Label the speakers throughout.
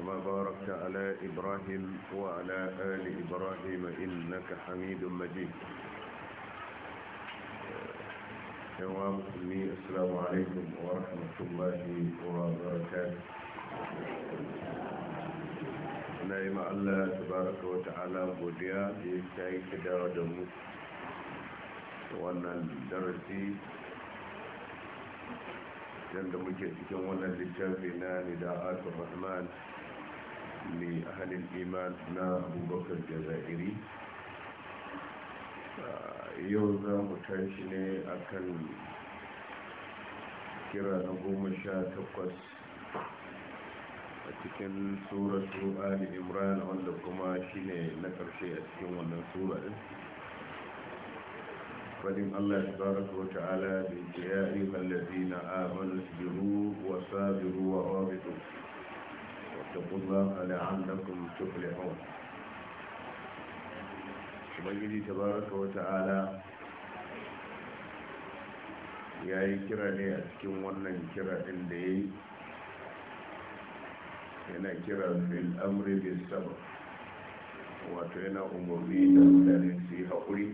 Speaker 1: كما باركت على إبراهيم وعلى آل إبراهيم إنك حميد مجيد السلام عليكم ورحمة الله وبركاته نعم الله تبارك وتعالى بديا في كدار دموك وانا درسي عندما كنت في وانا لتابنا نداءات الرحمن لأهل الإيمان نا أبو بكر الجزائري يوزا متعشني أكل كرا نقوم شا cikin suratu ali imran wanda kuma shine na karshe a cikin wannan sura din fadin Allah tabaraka wa ta'ala bi ya na amanu sabiru wa sabiru wa rabitu واتقوا الله لعلكم تفلحون شبيدي تبارك وتعالى يا كرا لي اتكم ونن كرا اندي هنا كرا في الامر بالسبب واتينا امورينا دارين في حقري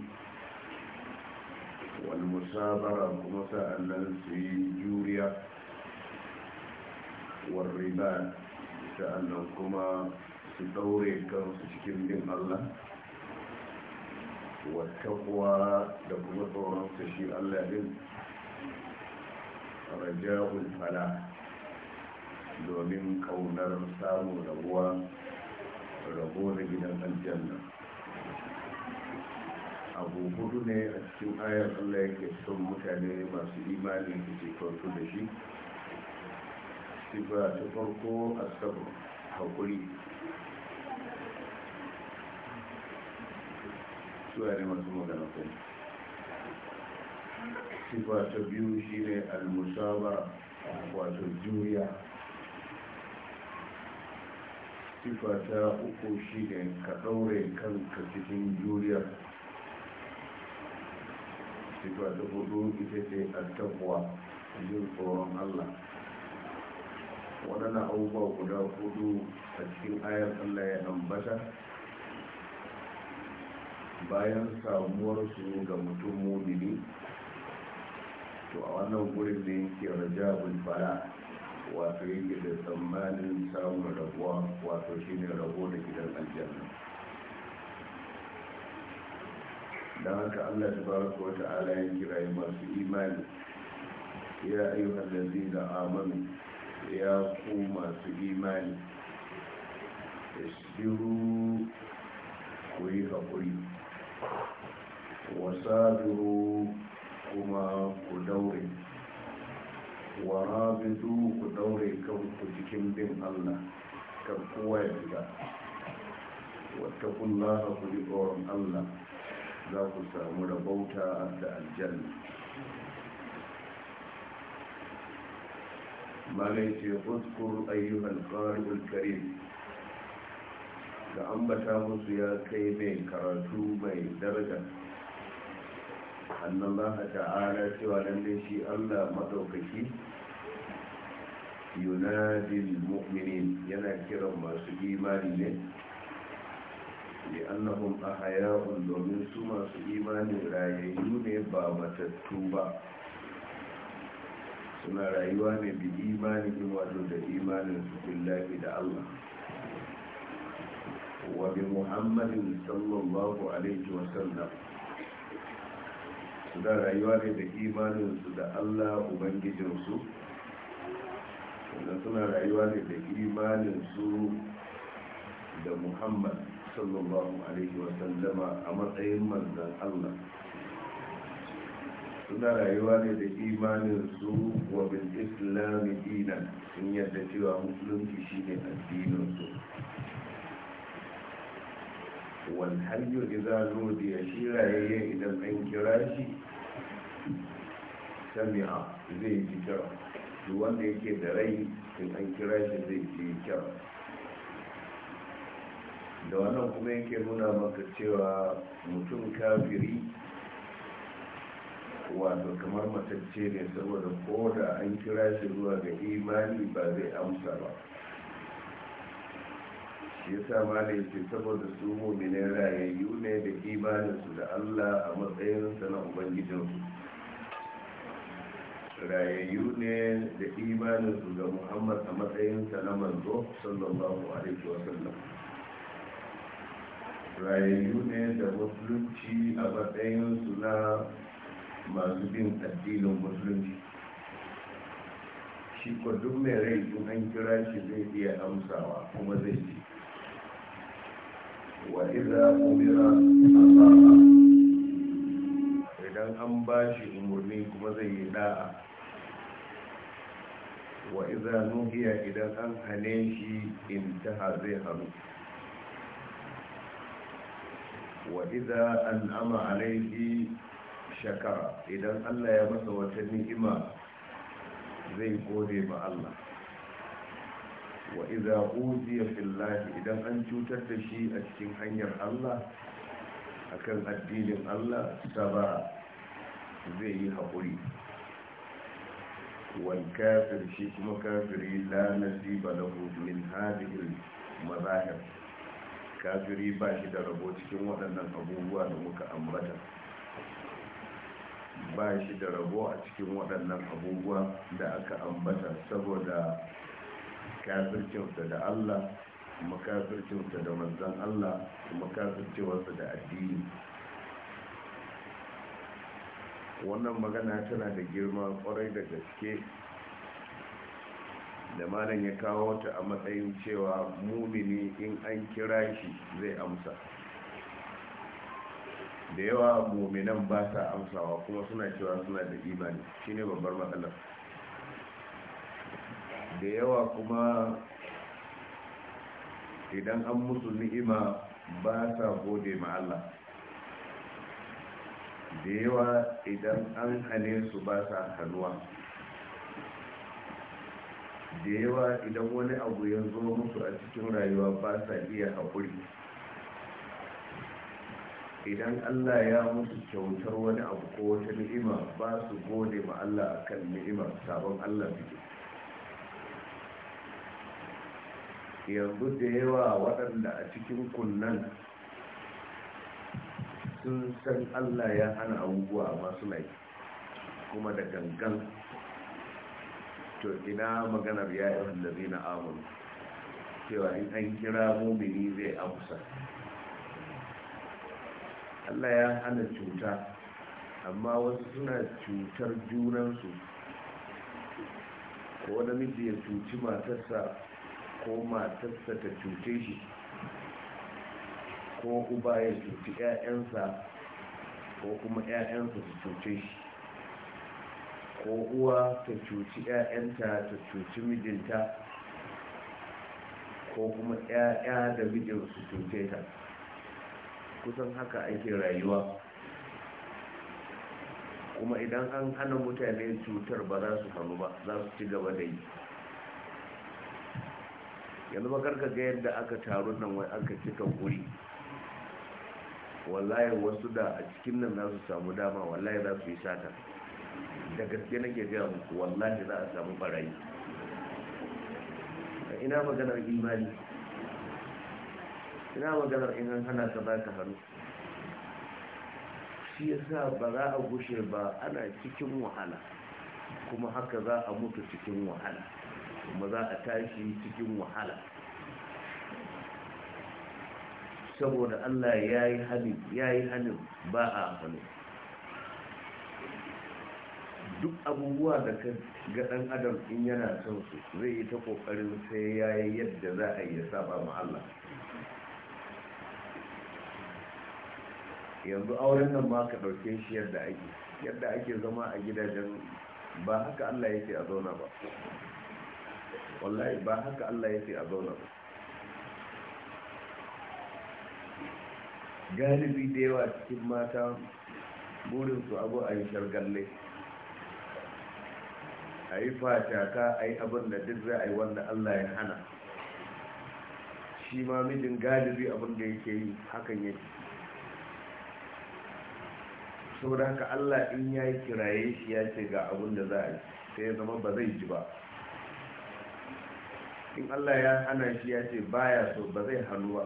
Speaker 1: والمسابرة مثلا في جوريا والرباط sa'annan kuma su daure kansu cikin bin Allah kuwa da kuma tsoronsa shi Allah din raja'ul fala domin kaunar samun rabuwa rabo da gidan aljanna abu hudu ne a cikin ayar Allah yake son mutane masu imani ce ke da shi sifa ta farko a sabu haƙuri suwa ne masu magana kai sifa ta biyu shine almus'awa, wato juriya sifa ta uku shine ka ɗaure kanka cikin juriya sifa ta hudu ita ce a takwa jin tsoron allah waɗannan abubuwa guda hudu a cikin ayar allah ya ambata bayan samuwar su ga mutum mumini to a wannan gurin da yake raja fara wato yake da tsammanin samun rabuwa wato ne rabo da gidan aljanna da haka allah ta su wata ala ya kirayen masu imani ya ayyukan da zai da amami ya ku masu imani isbiru ku yi haƙuri wasabiru kuma ku daure wa rabidu ku daure kanku jikin bin allah kan kowa ya fita wata kullaha ku ji allah za ku samu rabauta da aljanna malai ce uskur ayyuhal qari'ul karim da ambata musu ya kai mai karatu mai daraja annallaha ta'ala cewa lalle shi Allah madaukaki yunadil mu'minin yana kiran masu imani ne a ahya'un domin su masu imani rayayyu ne ba matattu ba suna rayuwa ne bi imanin wato da imanin su billahi da Allah wa bi muhammadin sallallahu alaihi wa sallam suna rayuwa ne da imanin su da Allah ubangijin su suna rayuwa ne da imanin su da muhammad sallallahu alaihi wa sallama a matsayin manzan Allah suna rayuwa ne da imanin su wa bil islami dinan sun yadda cewa musulunci shine addinin su wal hayyu idza ya shira yayin idan an kira shi sami'a zai ji kira duk wanda yake da rai in an kira shi zai ji kira da wannan kuma yake nuna maka cewa mutum kafiri wato kamar matacce ne saboda ko da an kira shi zuwa ga imani ba zai amsa ba shi ya sa malai ce saboda su mummina rayayyu ne da imaninsu da allah a matsayinsa na ubangijinsu rayayyu ne da imaninsu ga muhammad a matsayinsa na manzo sallallahu alaihi wasallam rayayyu ne da musulunci a matsayinsu na masu bin addinin musulunci shi ko duk mai rai sun an kira shi zai iya amsawa kuma zai ci wa iza umira sa'a. idan an ba shi umarni kuma zai yi da'a wa iza nuhiya idan an hane shi in intaha zai hannu wa iza an ama alaihi shakara idan Allah ya masa wata ni'ima zai gode ma Allah wa idza uziya fillahi idan an cutar da shi a cikin hanyar Allah akan addinin Allah saba zai yi haƙuri wal kafir shi kuma kafiri la nasiba lahu min hadhihi mazahir kafiri ba shi da rabo cikin waɗannan abubuwa da muka ambata ba shi da rabo a cikin waɗannan abubuwa da aka ambata saboda kafircinsa da Allah kuma kafircinsa da manzan Allah kuma kafircinsa da addini wannan magana tana da girma kwarai da gaske da malam ya kawo ta a matsayin cewa mumini in an kira shi zai amsa da yawa muminan ba sa amsawa kuma suna cewa suna da imani shine babbar matsalar da yawa kuma idan an musu ni'ima ba sa gode ma Allah da yawa idan an hane su ba sa hannuwa da yawa idan wani abu ya zo musu a cikin rayuwa ba sa iya haƙuri idan allah ya mutu kyautar wani abu ko wata ni'ima ba su gode ma allah a kan ni'ima sabon allah suke yanzu da yawa waɗanda a cikin kunnan sun san allah ya hana abubuwa masu laifi kuma da gangan to ina maganar ya'yan da zina amur cewa in an kira mumini zai amsa allah ya hana cuta amma wasu suna cutar junansu ko namiji ya cuci matarsa ko matarsa ta cuce shi ko uba ya cuci 'ya'yansa ko kuma 'ya'yansa su cuce shi ko uwa ta cuci 'ya'yanta ta cuci mijinta ko kuma 'ya'ya da mijinsu su cuce ta kusan haka ake rayuwa kuma idan an hana mutane cutar ba za su hannu ba za su ci gaba da yi yanzu ba karka ga yadda aka taru nan wai aka cika guri Wallaye wasu da a cikin nan za su samu dama wallaye za su yi sata da gaske nake gaya muku wallahi za a samu barayi ina maganar imani ina maganar in an hana ka baka hannu shi yasa ba za a gushe ba ana cikin wahala kuma haka za a mutu cikin wahala kuma za a tashi cikin wahala saboda Allah ya yi hannun ba a hannu duk abubuwa da ka ga ɗan adam in yana son su zai yi ta ƙoƙarin sai ya yadda za a yi ya saba ma Allah yanzu auren nan ma ka ɗauke shi yadda ake yadda ake zama a gidajen ba haka Allah yake a zauna ba wallahi ba haka Allah yake a zauna ba galibi da yawa cikin mata burinsu abu a yi shargalle a yi fataka a yi abin da duk za a yi wanda Allah ya hana shi ma mijin galibi abin da yake yi hakan yake saboda haka Allah in ya yi kiraye shi ya ce ga abin da za a yi sai zama ba zai ji ba in Allah ya hana shi ya ce baya so ba zai hannu ba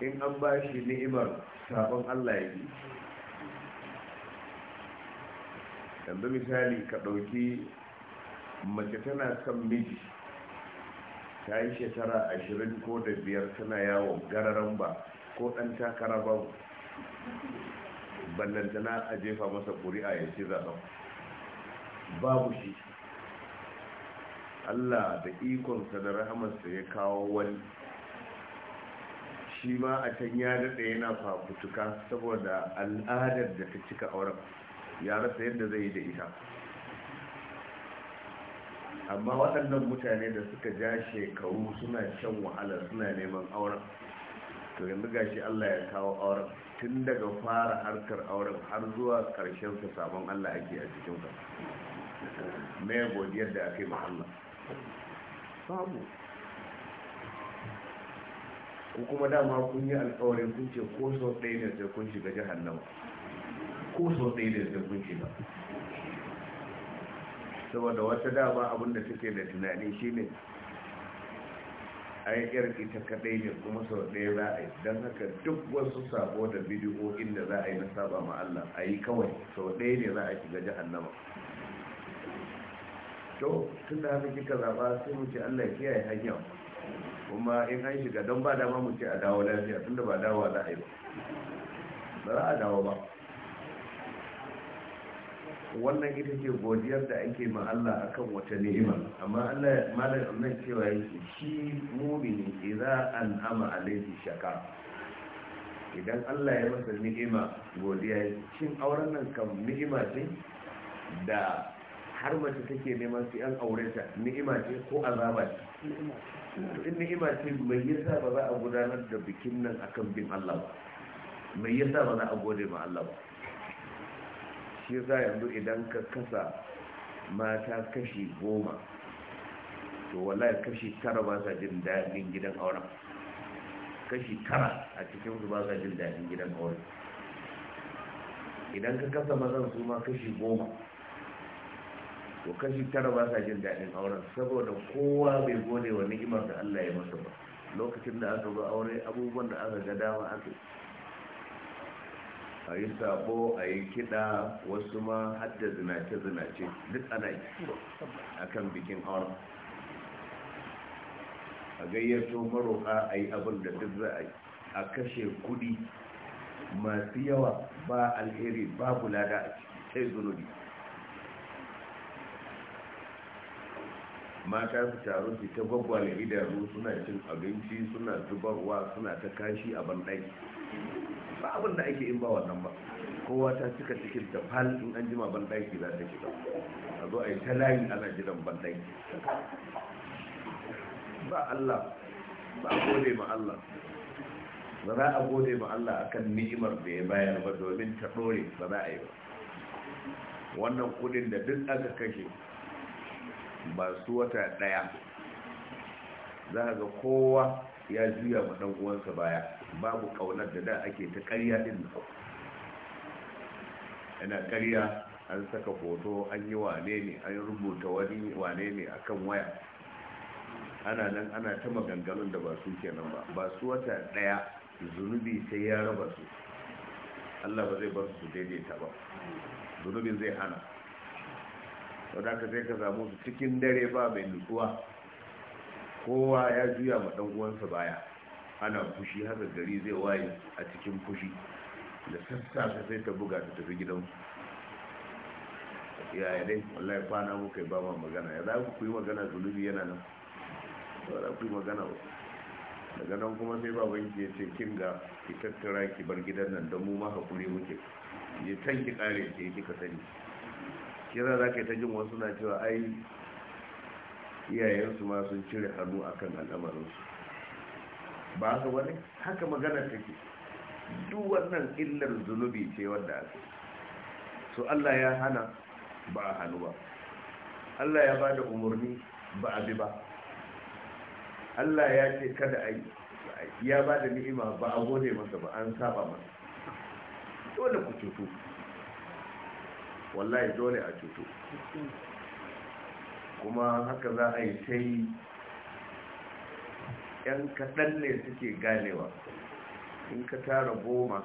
Speaker 1: in an ba shi ni'imar sabon Allah ya yi yanzu misali ka ɗauki mace tana kan miji ta yi shekara ashirin ko da biyar tana yawon gararan ba ko ɗan takara babu ballantana a jefa masa ƙuri'a ya ce zaɓen babu shi allah da ikonsa da rahamarsa ya kawo wani shi ma a can ya daɗe yana fafutuka saboda al'adar da ta cika auren ya rasa yadda zai yi da ita amma waɗannan mutane da suka ja shekaru suna shan wahala suna neman auren to yanzu gashi Allah ya kawo auren tun daga fara harkar auren har zuwa karshen sa sabon Allah ake a cikin sa me godiya da aka yi Allah babu ko kuma dama kun yi alƙawarin kun ce ko sau ɗaya ne sai kun shiga jahannama ko sau ɗaya ne sai kun shiga saboda wata dama abinda take da tunani shine ai yar ita kadai ne kuma sau ɗaya za a yi don haka duk wasu sabo da bidiyo inda za a yi na saba ma Allah a yi kawai sau ɗaya ne za a shiga jahannama to tun da haka kika zaba sai mu ce Allah ya kiyaye hanya kuma in an shiga don ba dama mu ce a dawo lafiya tun da ba dawo za a yi ba ba za a dawo ba wannan ita ce godiyar da ake ma Allah akan wata ni'ima amma Allah malam annan cewa yake shi mu'mini idza an'ama alayhi shaka idan Allah ya masa ni'ima godiya cin auren nan kan ni'ima ce da har mace take neman su yan aure ta ni'ima ce ko azaba ce in ni'ima ce mai yasa ba za a gudanar da bikin nan akan bin Allah ba mai yasa ba za a gode ma Allah ba shi yasa yanzu idan ka kasa mata kashi goma to wallahi kashi tara ba sa jin daɗin gidan auren kashi tara a cikin su ba sa jin daɗin gidan auren idan ka kasa mazan su ma kashi goma to kashi tara ba sa jin daɗin auren saboda kowa bai gode wa ni'imar da Allah ya masa ba lokacin da aka zo aure abubuwan da aka ga dama aka a yi sabo a yi kiɗa wasu ma hadda zinace-zinace duk ana yi a kan bikin auren a gayyato maroƙa a yi abin da duk za a yi a kashe kuɗi masu yawa ba alheri ba lada a sai zunubi mata su taru su ta gwagwale idanu suna cin abinci suna zubarwa suna ta kashi a banɗaki ba abin da ake in ba wannan ba kowa ta cika cikin ta fal in an jima ban daki za ta shiga a zo a yi ta layi ana jiran ban daki ba Allah ba a gode ma Allah ba za a gode ma Allah akan ni'imar da ya bayar ba domin ta ɗore ba za a yi ba wannan kudin da duk aka kashe ba su wata ɗaya. za ga kowa ya juya ma ɗan uwansa baya babu kaunar da da ake ta karya din yana ƙarya an saka hoto an yi wane ne an rubuta wani wane ne akan waya ana nan ana ta maganganun da ba su kenan ba ba su wata ɗaya zunubi sai ya raba su Allah ba zai bar su daidaita ba zunubin zai hana wadda ka je ka samu cikin dare ba mai nutsuwa kowa ya juya ma ɗan uwansa baya ana fushi haka gari zai waye a cikin fushi da sassafe sai ta buga ta tafi gidan yi dai wallahi kwana muka yi ba ma magana ya za ku kuyi magana zulubi yana nan ba za ku yi magana ba daga nan kuma sai wani ya ce kin ga ki tattara ki bar gidan nan don mu ma hakuri muke je can ki kare yi kika sani kira za ka ta jin wasu na cewa ai iyayensu ma sun cire hannu akan al'amarinsu ba haka wani haka magana take duk wannan illar zunubi ce wanda aka so Allah ya hana ba a hannu ba Allah ya ba da umarni ba a bi ba Allah ya ce kada a yi ya ba da ni'ima ba a gode masa ba an saba masa dole ku cutu wallahi dole a cutu kuma haka za a yi ta yi 'yan kaɗan ne suke ganewa in ka tara goma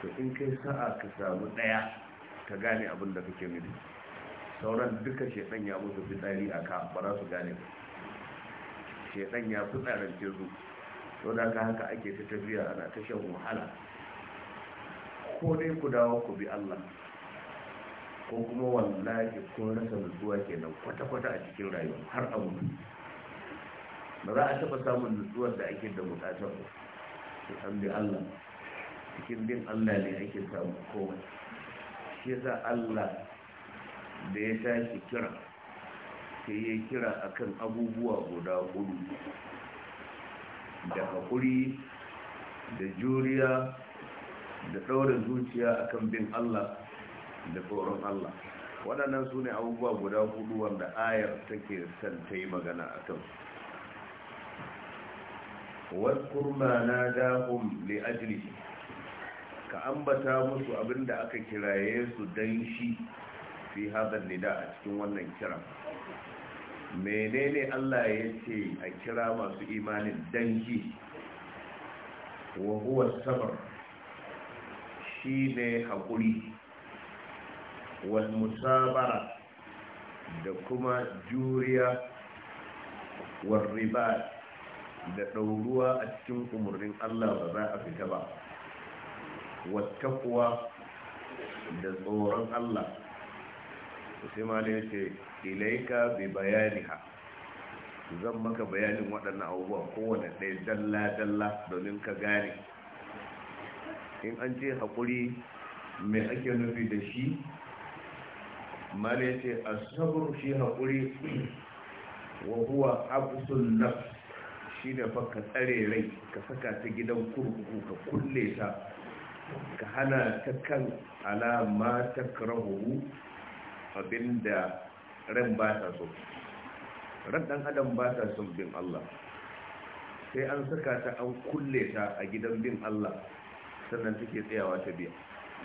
Speaker 1: to in kai sa'a ka samu ɗaya ka gane abin da kake nufi sauran duka shaidan ya musu fitsari a ka ba za su gane ba Shaidan ya fi tsarance su to da ka haka ake ta tafiya ana ta shan wahala ko dai ku dawo ku bi Allah ko kuma wallahi kun rasa nutsuwa kenan kwata-kwata a cikin rayuwa har abu ba za a taɓa samun nutsuwar da ake da bukatar ba sai an bi Allah cikin bin Allah ne ake samu, komai shi za Allah da ya tashi kira sai ya kira akan abubuwa guda hudu da haƙuri da juriya da ɗaura zuciya akan bin Allah da tsoron Allah waɗannan su ne abubuwa guda hudu wanda ayar take son ta yi magana a kansu na واذكر ما ناداهم لأجله كأنبتا kiraye su don shi fi دنشي في a cikin wannan كرام menene Allah ya ce a kira masu imanin dangi wa huwa sabar shi ne haƙuri wal musabara da kuma juriya war ribat da ɗauruwa a cikin umarnin Allah ba za a fita ba kuwa da tsoron Allah sai ma ya ce ilaika bi ha, zan maka bayanin waɗannan abubuwa kowane ɗaya dalla-dalla domin ka gane in an ce haƙuri mai ake nufi da shi ma ya ce a shi haƙuri wa huwa sun shi ne fa ka tsare rai ka saka ta gidan kurkuku ka kulle ta ka hana ta kan alama ta karahu abinda ran ba ta so ran dan adam ba ta son bin Allah sai an saka ta an kulle ta a gidan bin Allah sannan take tsayawa ta biya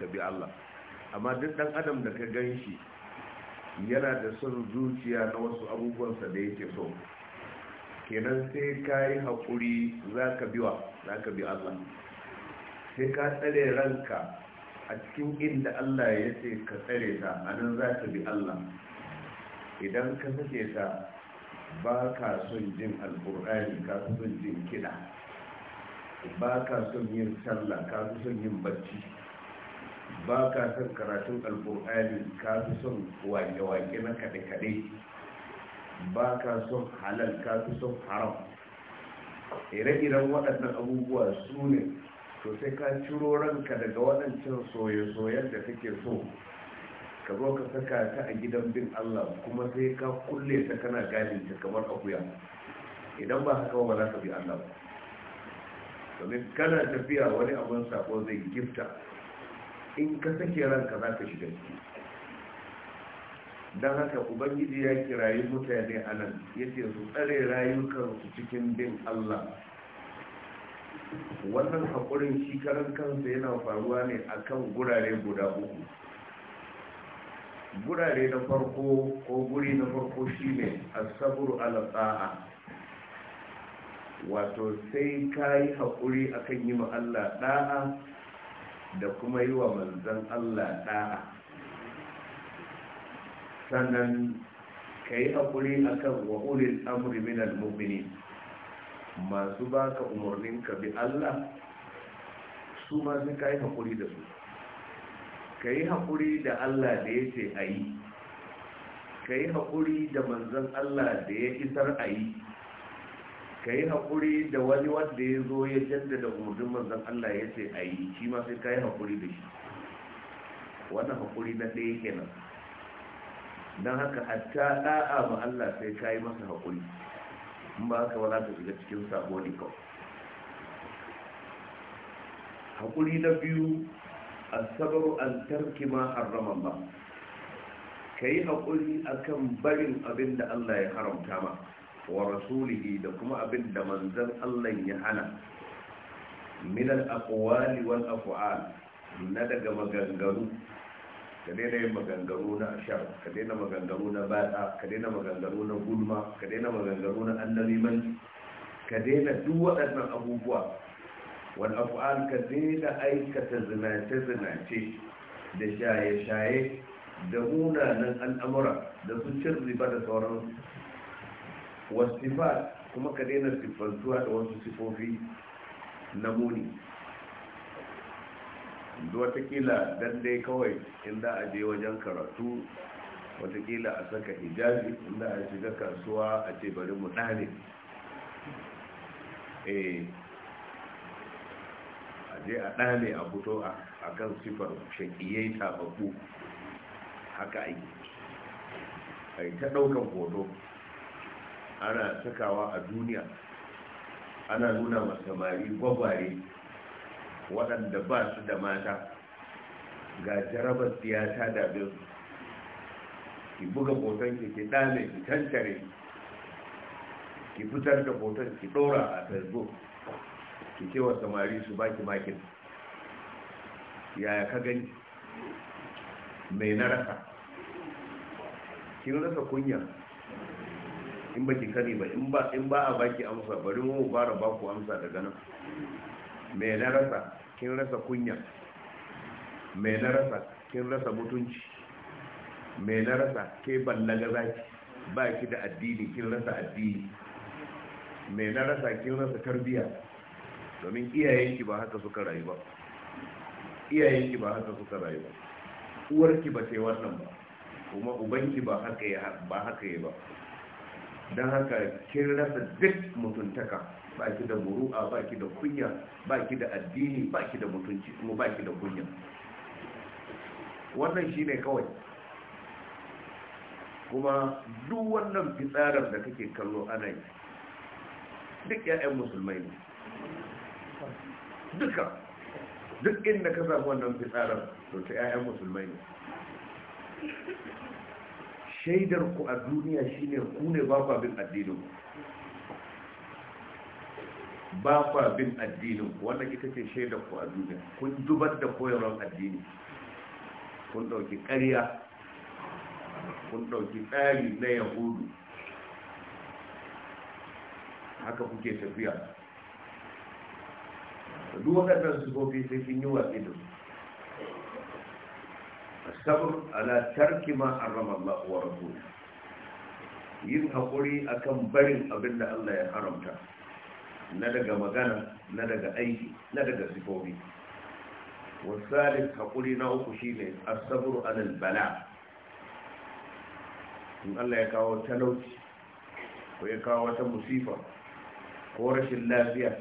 Speaker 1: ta bi Allah amma duk dan adam da ka gan shi yana da son zuciya na wasu abubuwansa da yake so kenan sai ka yi haƙuri za ka biwa za ka bi allah sai ka tsare ranka a cikin inda allah ya ce ka tsare ta a nan za ka bi allah idan ka sake ta ba ka son jin alƙur'ani ka son jin kiɗa ba ka son yin sallah ka son yin bacci ba ka son karatun alƙur'ani ka son wake-wake na kaɗe-kaɗe ba ka son halal ka fi son haram ire-iren waɗannan abubuwa su ne to sai ka ciro ranka daga waɗancan soye-soyen da kake so ka zo ka saka ta a gidan bin Allah kuma sai ka kulle ta kana gane ta kamar akuya idan ba haka ba za ka bi Allah ba domin kana tafiya wani abin sako zai gifta in ka sake ranka za ka shiga ciki don haka ubangiji ya kirayi mutane a nan ya ce su tsare rayukansu cikin bin allah wannan haƙurin shi karan kansa yana faruwa ne a kan gurare guda uku gurare na farko ko guri na farko shi ne asabur alatsa'a wato sai ka yi haƙuri akan yi ma allah ɗa'a da kuma yi wa manzan allah ɗa'a sannan ka yi haƙuri a kan wa'ulil amri minal mummini masu ba ka umarnin ka bi Allah su ma sun ka yi haƙuri da su ka yi haƙuri da Allah da ya ce a yi ka yi haƙuri da manzan Allah da ya isar a yi ka yi haƙuri da wani wanda ya zo ya jaddada umarnin manzan Allah ya ce a yi shi ma sai ka yi haƙuri da shi wannan haƙuri na ɗaya kenan don haka hatta aa ma Allah sai ka yi masa haƙuri in ba haka ba za ka shiga cikin sabo ne kawai haƙuri na biyu asabar an tarki ma harraman ba ka yi haƙuri akan barin abin da Allah ya haramta ma wa rasulihi da kuma abin da manzan Allah ya hana min al-aqwali wal af'al na daga maganganu ka daina yin maganganu na ashar ka daina maganganu na bada ka daina maganganu na gulma ka daina maganganu na annabiman ka daina duk waɗannan abubuwa wani afu'an ka daina aikata zinace-zinace da shaye-shaye da munanan al'amura da sun cin riba da sauran wasu kuma ka daina siffantuwa da wasu sifofi na muni watakila dan dai kawai inda a je wajen karatu watakila a saka hijabi inda a shiga kasuwa a ce bari mu ɗane eh, a je a ɗane a fito a kan sifar shakiyai tabaku haka aiki a yi ta ɗaukan hoto ana sakawa a duniya ana nuna masamari gwagware waɗanda ba su da mata ga jarabar siyasa da bin ki buga hoton ki ki dame ki tantare ki fitar da hoton ki ɗora a facebook ki ce wa samari su baki makin yaya ka gani mai na rasa kin rasa kunya in baki kani ba in ba a baki amsa bari mu fara baku amsa daga nan me na rasa kin rasa kunya me na rasa kin rasa mutunci me na rasa ke ballaga zaki ba ki da addini kin rasa addini me na rasa kin rasa tarbiya domin iyayenki ba haka suka rayu ba iyayenki ba haka suka rayu ba uwarki ba sai wannan ba kuma ubanki ba haka ya ba haka ya ba don haka kin rasa duk mutuntaka ba ki da muru'a ba ki da kunya ba ki da addini ba ki da mutunci kuma ba ki da kunya wannan shi ne kawai kuma duk wannan fitsarar da kake kallo ana yi duk 'ya'yan musulmai ne duka duk inda ka samu wannan fitsarar to ta 'ya'yan musulmai ne shaidar ku a duniya shine ku ne ba kwa bin addinin ba kwa bin addinin wannan ita ce shaidar ku a duniya kun zubar da koyarwar addini kun dauki ƙarya kun dauki tsari na yahudu haka kuke tafiya duk waɗannan sufofi sai kin yi watsi da الصبر على ترك ما حرم الله ورسوله yin haƙuri akan barin abin da Allah ya haramta na daga magana na daga aiki na daga sifofi wasalin haƙuri na uku shine asabru alal bala in Allah ya kawo talauci ko ya kawo wata musifa ko rashin lafiya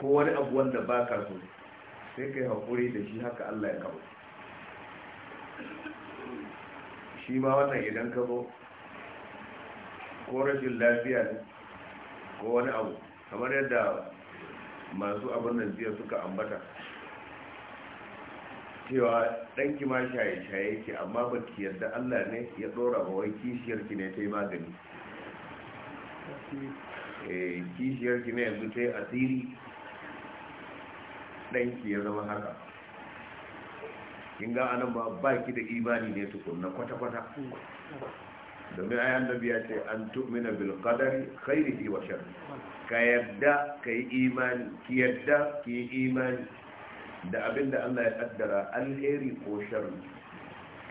Speaker 1: ko wani abu wanda ba ka so sai kai haƙuri da shi haka Allah ya kawo shi ma wannan idan ka zo ko rashin lafiya ne ko wani abu kamar yadda masu abin nan jiya suka ambata cewa ɗanki ma shaye-shaye ke amma ba ki yadda allah ne ya ɗora ba wai kishiyarki ne ta yi magani eh, kishiyarki ne yanzu ta yi asiri ɗanki ya zama haka kin ga anan ba ki da imani ne tukunna kwata-kwata domin ayi annabi ya ce an tu'mina bil qadari khairihi wa sharri ka yadda ka yi imani ki yadda ki imani da abinda Allah ya kaddara alheri ko sharri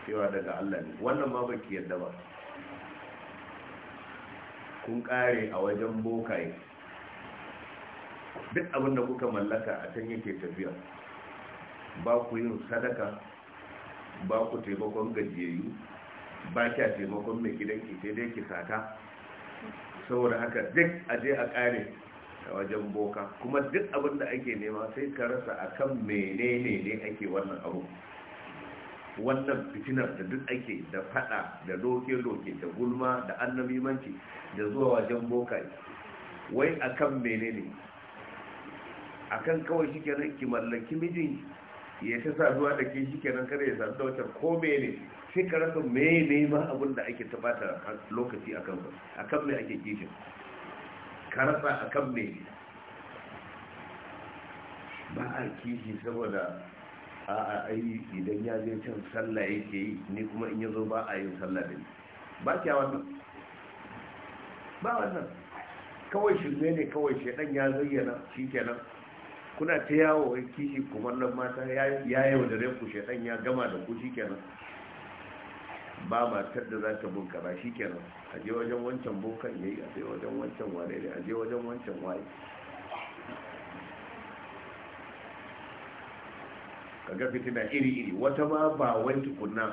Speaker 1: cewa daga Allah ne wannan ma ki yadda ba kun kare a wajen bokaye duk abin da kuka mallaka a can yake tafiya ba ku yin sadaka ba ku taimakon gajiyayyu ba kya taimakon mai gidanki sai dai ki sata saboda haka duk je a kare a wajen boka kuma duk abin da ake nema sai ka rasa a kan menene ne ake wannan abu wannan fitinar da duk ake da fada da doke-doke, da gulma da annabimanci da zuwa wajen boka wai a kan menene akan kawai shi ki mallaki mijinki ya ta zuwa da ke shi kenan kada ya sadu da wancan ko mene shi ka rasa mene ma abin da ake tabata lokaci akan a kan mai ake kishin ka rasa akan mai ba a kishi saboda a a yi idan ya je can sallah yake yi ni kuma in yazo ba a yin sallah da ni ba kya wannan ba wannan kawai shi ne kawai shi dan ya zayyana kenan kuna ta yawo wai kishi kumallon mata ya yi wa dare ku shaɗan ya gama da ku shikenan ba matar da za ta bunka ba shikenan a je wajen wancan bunkan yayi a je wajen wancan wane ne a je wajen wancan waye ga fitina iri-iri wata ma ba wani tukunna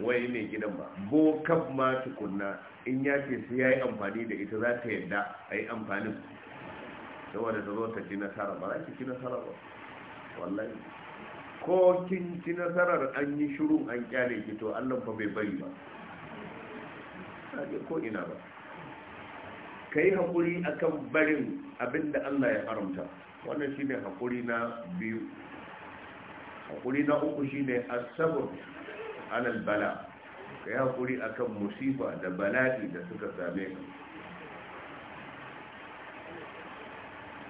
Speaker 1: wani ne gidan ba bokan ma tukunna in ya ce sai ya yi amfani da ita za ta yadda a yi amfanin saboda da zo ta ci nasara ba za ki ci nasara ba wallahi ko kin ci nasarar an yi shiru an kyale ki to Allah fa bai bari ba ko ina ba kai hakuri akan barin abinda Allah ya haramta wannan shine hakuri na biyu hakuri na uku shine as-sabr bala kai hakuri akan musiba da bala'i da suka same ka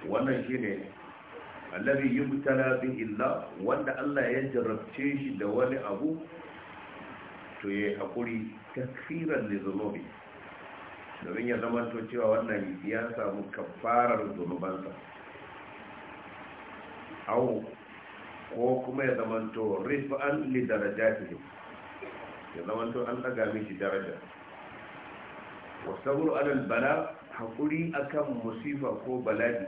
Speaker 1: wannan shi ne, shine allazi yubtala bi illa wanda Allah ya jarabce shi da wani abu to yayi hakuri takfiran da zunobi domin ya zama to cewa wannan ya samu kafarar zunubansa au ko kuma ya zama to rif'an li darajatihi ya zama to an daga mishi daraja wasabru adal bala haƙuri akan musifa ko bala'i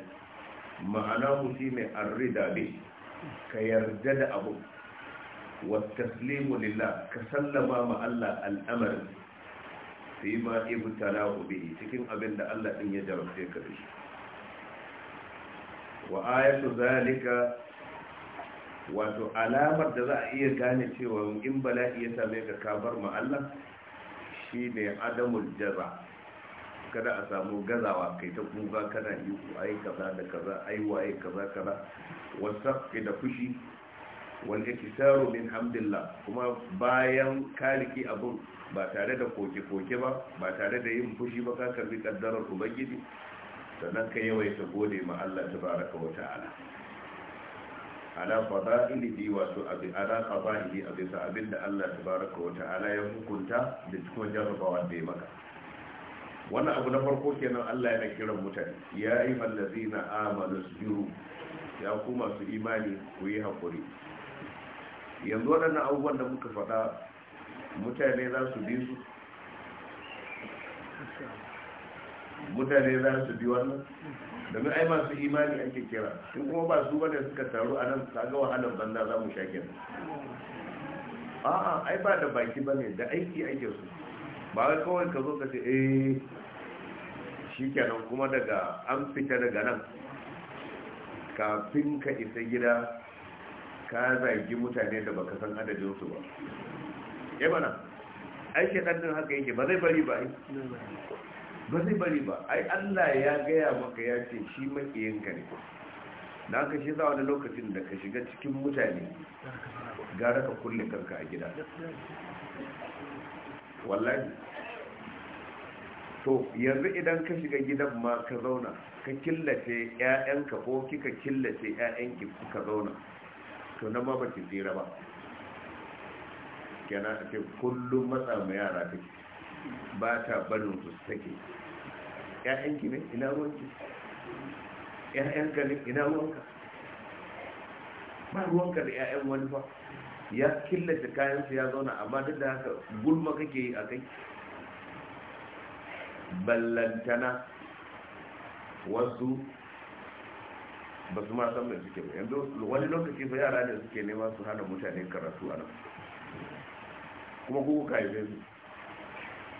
Speaker 1: ma'ana mu shi ne arrida ne ka yarda da abu wa lillah ka sallama ma Allah al'amarin fi ma ibtalahu bihi cikin abin da Allah din ya jarabce ka da shi wa ayatu zalika wato alamar da za a iya gane cewa in bala'i ya same ka kabar ma Allah shine adamul jaza kada a samu gazawa kai ta kuka kana ku ai kaza da kaza ai waye kaza kaza wasaqi da fushi wal iktisaru min hamdillah kuma bayan kaliki abun ba tare da koke koke ba ba tare da yin fushi ba ka karbi kaddarar ubangiji sannan ka yawaita gode ma Allah tabaraka wa ta'ala ala fada'ilihi wato abin ala qada'ihi abi sa abin da Allah tabaraka wa ta'ala ya hukunta da cikin jarrabawa da ya maka wannan abu na farko kenan Allah ya kiran mutane ya ayyuhal ladzina amanu sabiru ya ku masu imani ku yi hakuri yanzu wannan abubuwan da muka faɗa mutane za su bi su mutane za su bi wannan domin ai masu imani ake kira in kuma ba su bane suka taru a nan ga wahalar banda za mu sha kenan a'a ai ba da baki bane da aiki ake su ba wai kawai ka zo ka ce eh shikenan kuma daga an fita daga nan kafin ka isa gida ka zagi mutane da baka san adadin su ba eh bana ai ke dan haka yake ba zai bari ba ba zai bari ba ai allah ya gaya maka ya ce shi ka ne na ka shi zawa da lokacin da ka shiga cikin mutane gara ka kulle kanka a gida wallahi to yanzu idan ka shiga gidan ma ka zauna ka killace 'ya'yanka ko kika killace 'ya'yanki ka zauna to nan ma ba ki tsira ba Kena a ce kullum matsa ma yara ke, ba ta barin su take ƴaƴanki ne ina ruwanki ƴaƴanka ne ina ruwanka ba ruwanka da ƴaƴan wani ba ya killace kayansa ya zauna amma duk da haka gulma kake yi a kai ballantana wasu ba su ma san mai suke ba yanzu wani lokaci ba yara ne suke nema su hana mutane karatu a nan kuma kuku kayi su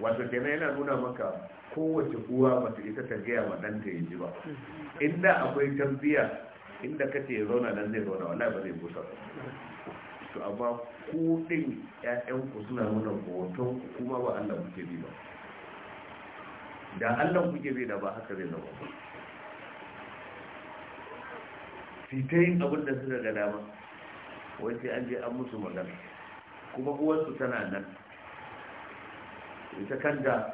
Speaker 1: wato kenan yana nuna maka kowace uwa ba su ita ta gaya ma ɗanta ya ji ba inda akwai tarbiyya inda kace ya zauna nan zai zauna wallahi ba zai busa ba to amma ku din ƴaƴanku suna nuna hoton kuma ba Allah kuke bi ba da Allah kuke bi da ba haka zai zama ba fitayin abin da suka ga dama wace an je an musu magana kuma su tana nan ita da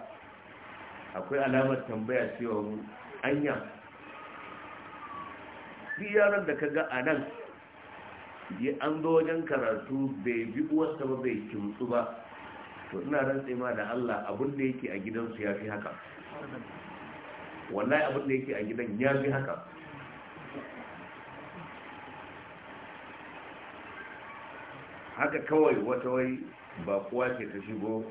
Speaker 1: akwai alamar tambaya cewa anya duk yaran da ka ga a nan an zo wajen karatu bai bi uwarsa ba bai kimtsu ba to ina rantse ma da Allah abin da yake a gidansu ya fi haka wallahi abin da yake a gidan ya fi haka haka kawai wata wai ba kuwa ce ta shigo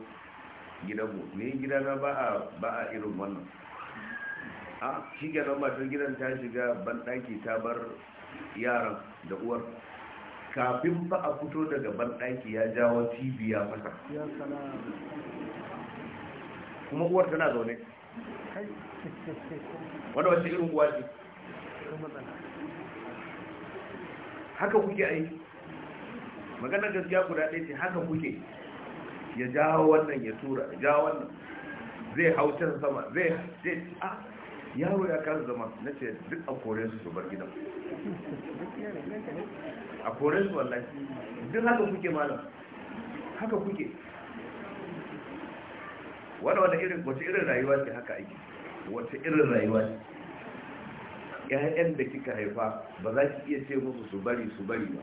Speaker 1: gidanmu ne gidana ba a irin wannan a shi gaban matar gidan ta shiga banɗaki ta bar yaran da uwar kafin ba a fito daga banɗaki ya jawo cibiya masa kuma uwar tana zaune wadda wacce irin uwa ce haka kuke ai maganar gaskiya guda ɗaya ce haka kuke ya jawo wannan ya tura ya jawo wannan zai hau can sama zai ce a ah, yaro ya kan zama na ce duk a kore su su bar gidan a kore su wallahi duk haka kuke malam haka kuke wadda wadda irin wata irin rayuwa ce haka aiki wata irin rayuwa ce ƴaƴan da kika haifa ba za ki iya ce musu su bari su bari ba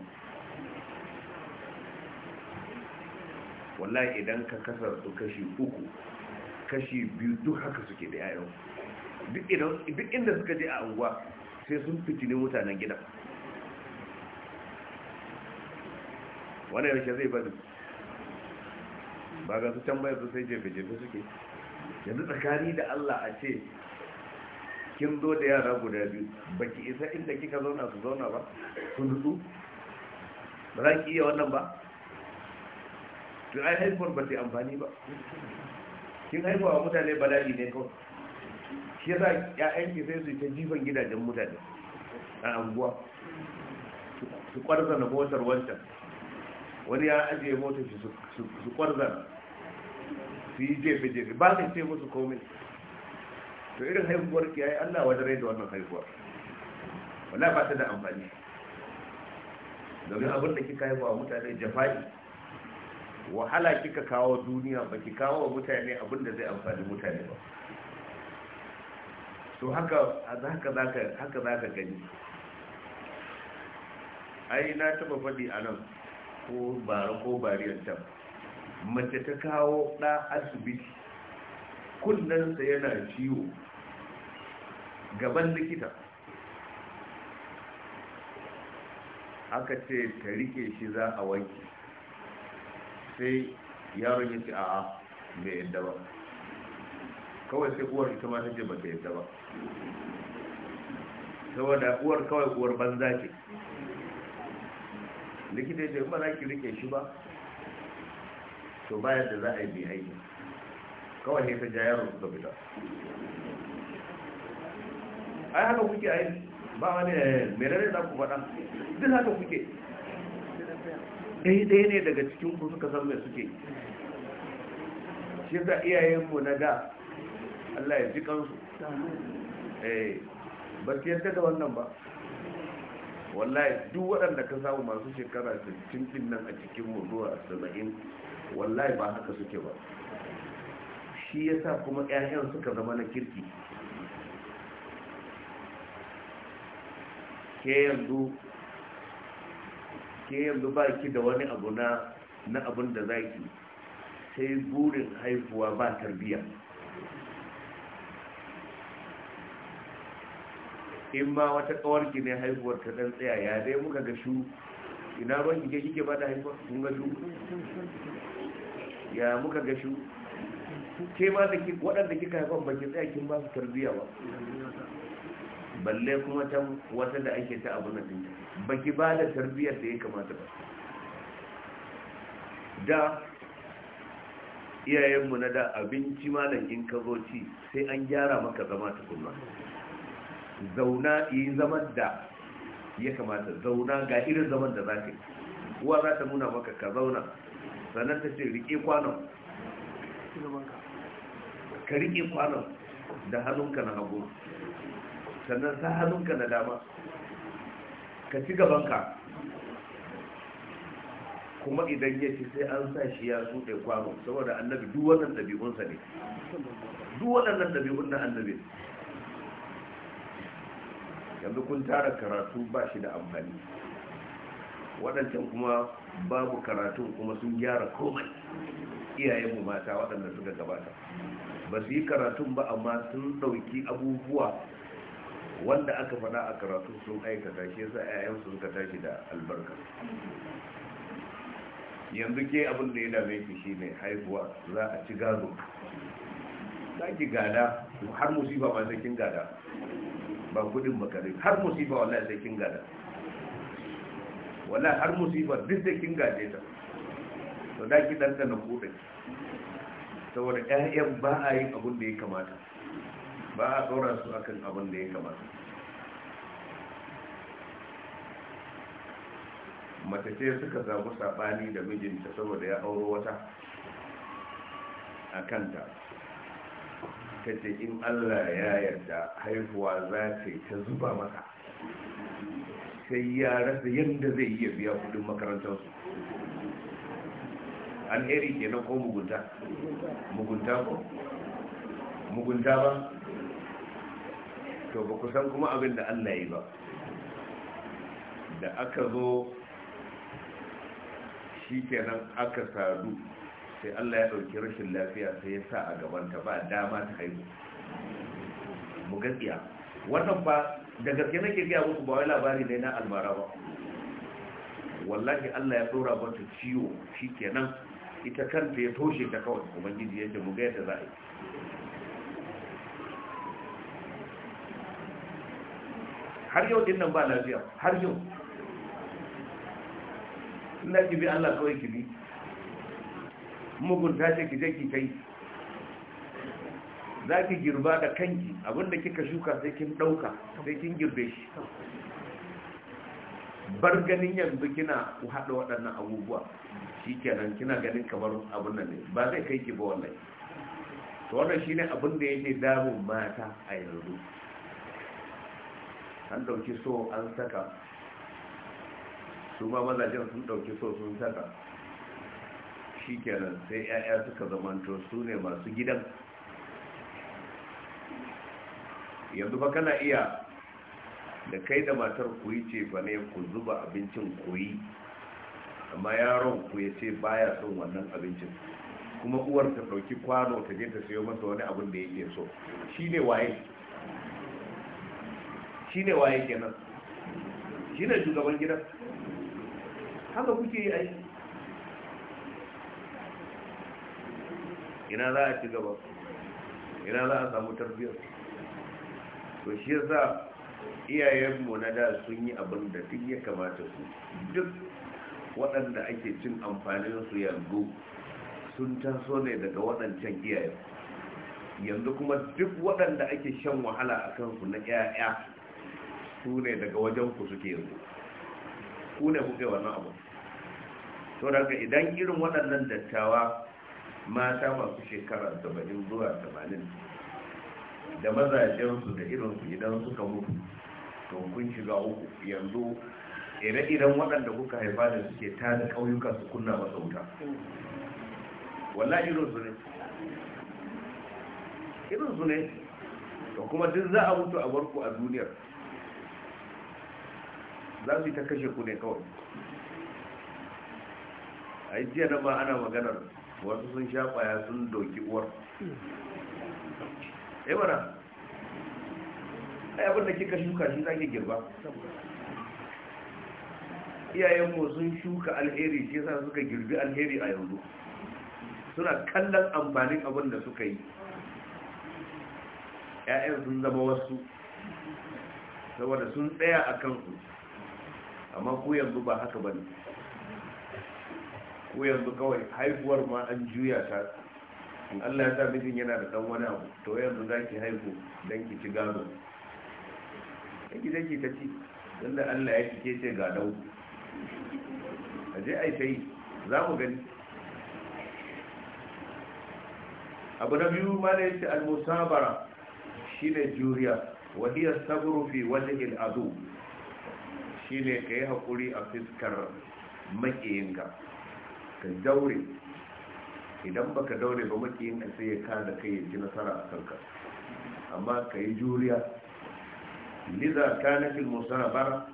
Speaker 1: wallahi idan ka kasar su kashi uku kashi biyu duk haka suke da ƴaƴan duk inda suka je a unguwa sai sun fitini mutanen gidan wani yaushe zai bani ba ga su can bayar sai jefe-jefe suke yanzu tsakani da allah a ce kin zo da yara guda biyu ba ki isa inda kika zauna su zauna ba su nutsu ba za ki iya wannan ba to ai haifuwar ba ta amfani ba kin haifuwa wa mutane bala'i ne kawai shi yasa ya'yanki sai su ta jifan gidajen mutane a anguwa su kwarza na motar wancan wani ya ajiye motar shi su kwarza su yi jefe-jefe ba ka ce musu komai to irin haihuwar ki ya yi allah wajen rai da wannan haihuwar wala ba ta da amfani domin abin da kika a mutane jafa'i wahala kika kawo duniya ba ki kawo wa mutane abin da zai amfani mutane ba to haka za ka gani ai na taba faɗi a nan ko bara ko bariyar can mace ta kawo ɗa asibiti kunnensa yana ciwo gaban likita aka ce ta rike shi za a wanke sai yaron ya a a'a mai yadda ba kawai sai uwar ita ma ta je ba ta yadda ba saboda uwar kawai uwar banza ce likita ya ce ba za ki rike shi ba to bayan da za a yi aiki kawai ne ta ja yaron suka fita ai haka kuke ai ba wani eh, merere za ku faɗa duk haka kuke ɗaya ne daga cikin ku suka san mai suke shi za iyayenmu na da Allah ya ji kansu eh ba su yadda da wannan ba wallahi duk waɗanda ka samu masu shekara 60 din nan a cikin mu zuwa 70 wallahi ba haka suke ba shi ya sa kuma 'ya'yan suka zama na kirki ke yanzu ba ki da wani abu na abin da za ki, sai burin haifuwa ba tarbiyya in ma wata kawar gine ne haihuwar ta dan tsaya ya dai muka ga shu ina ban ki kike ba da haihuwa kun ga shu ya muka ga shu ke ma da ki waɗanda kika haifan ba ki tsaya kin ba su tarbiyya ba balle kuma ta wata da ake ta abu na dinta ba ki ba da tarbiyyar da ya kamata ba da iyayenmu na da abinci malam in ka zo ci sai an gyara maka zama tukunna zauna yi zaman da ya kamata zauna ga irin zaman da za ka yi kuwa za ta nuna maka ka zauna sannan ta ce riƙe kwanon ka riƙe kwanon da hannunka na hagu sannan sa hannunka na dama ka ci gabanka kuma idan ya ci sai an sa shi ya tsuɗe kwano saboda annabi duwannan ɗabi'unsa ne duwannan ɗabi'un na annabi yanzu kun tara karatu ba shi da amfani waɗancan kuma babu karatu kuma sun gyara komai iyayenmu mata waɗanda suka gabata ba su yi karatun ba amma sun ɗauki abubuwa wanda aka faɗa a karatu sun aikata shi yasa 'ya'yansu ka tashi da albarka yanzu ke abin da ya dame shi shine haihuwa za a ci gado za ki gada har musiba ma sai kin gada ba kudin makarai har musiba wallahi sai kin gada wallahi har musiba duk sai kin gade ta to da ki dan dan kudin saboda ƴaƴan ba a yin abin da ya kamata ba a tsora su akan abin da ya kamata mace suka samu saɓani da mijinta saboda ya auro wata a kanta ta ce in allah ya yarda haifuwa za ta ta zuba masa sai ya rasa yadda zai iya biya kudin makarantarsu an eri ke na ko mugunta mugunta ko mugunta ba to ba kusan kuma abin da allah yi ba da aka zo shi kenan aka sadu sai Allah ya ɗauki rashin lafiya sai ya sa a gabanta ba dama ta haihu mu gaskiya wannan ba da gaske nake gaya muku ba wai labari ne na almara ba wallahi Allah ya ɗora mata ciwo shikenan ita kanta ya toshe ta kawai ubangiji yadda mu ga yadda za a yi har yau din nan ba lafiya har yau ina bi Allah kawai bi mugunta ce ki je ki kai za ki girba da kanki abinda kika shuka sai kin ɗauka sai kin girbe shi bar ganin yanzu kina haɗa waɗannan abubuwa shi kenan kina ganin kamar abin nan ne ba zai kai ki ba wannan. to wannan shine abin da yake damun mata a yanzu an ɗauki so an saka su ma mazajen sun ɗauki so sun saka shi kenan sai 'ya'ya suka zamanto su ne masu gidan yanzu ba kana iya da kai da matar ku yi cefa ne ku zuba abincin ku yi amma yaron ku ya ce baya son wannan abincin kuma uwar ta ɗauki kwano ta je ta sayo masa wani abin da yake so shi ne waye shi ne waye kenan shi ne shugaban gidan haka kuke yi aiki ina za a ci gaba ina za a samu tarbiyyar to shi yasa iyayenmu na da sun yi abin da duk ya kamata su duk waɗanda ake cin amfanin su yanzu sun taso ne daga waɗancan iyayen yanzu kuma duk waɗanda ake shan wahala a kansu na 'ya'ya su ne daga wajen ku suke yanzu ku ne kuke wannan abu to daga idan irin waɗannan dattawa mata masu shekara 70 zuwa 80 da mazajensu da irinsu idan suka mutu to kun shiga uku yanzu ire-iren waɗanda kuka haifa da suke ta da ƙauyuka su kunna masa wuta wallahi irinsu ne irinsu ne to kuma duk za a mutu a barku a duniyar za su yi ta kashe ku ne kawai a yi jiya na ma ana maganar wasu sun sha kwaya sun doki uwar ya eh, ai abinda kika shuka shi zaki girba iyayenmu sun shuka alheri shi sa suka girbi alheri a yanzu suna kallon amfanin abin suka yi ‘ya'yan sun zama wasu saboda sun tsaya a kansu amma ku yanzu ba haka ba ne ko yanzu kawai haihuwar ma an juya ta in Allah ya sa mijin yana da dan wani abu to yanzu za ki haihu dan ki ci gado ki dan ki ta ci dan Allah ya cike kece ga dau je ai sai za mu gani abu na biyu ma da yace al-musabara ne juriya wa hiya sabru fi wani al-adu shine kai haƙuri a fiskar makiyinka ka daure idan baka daure ba makiyin da sai ya kada kai ya ji nasara a kanka amma ka yi juriya liza ta fil musabara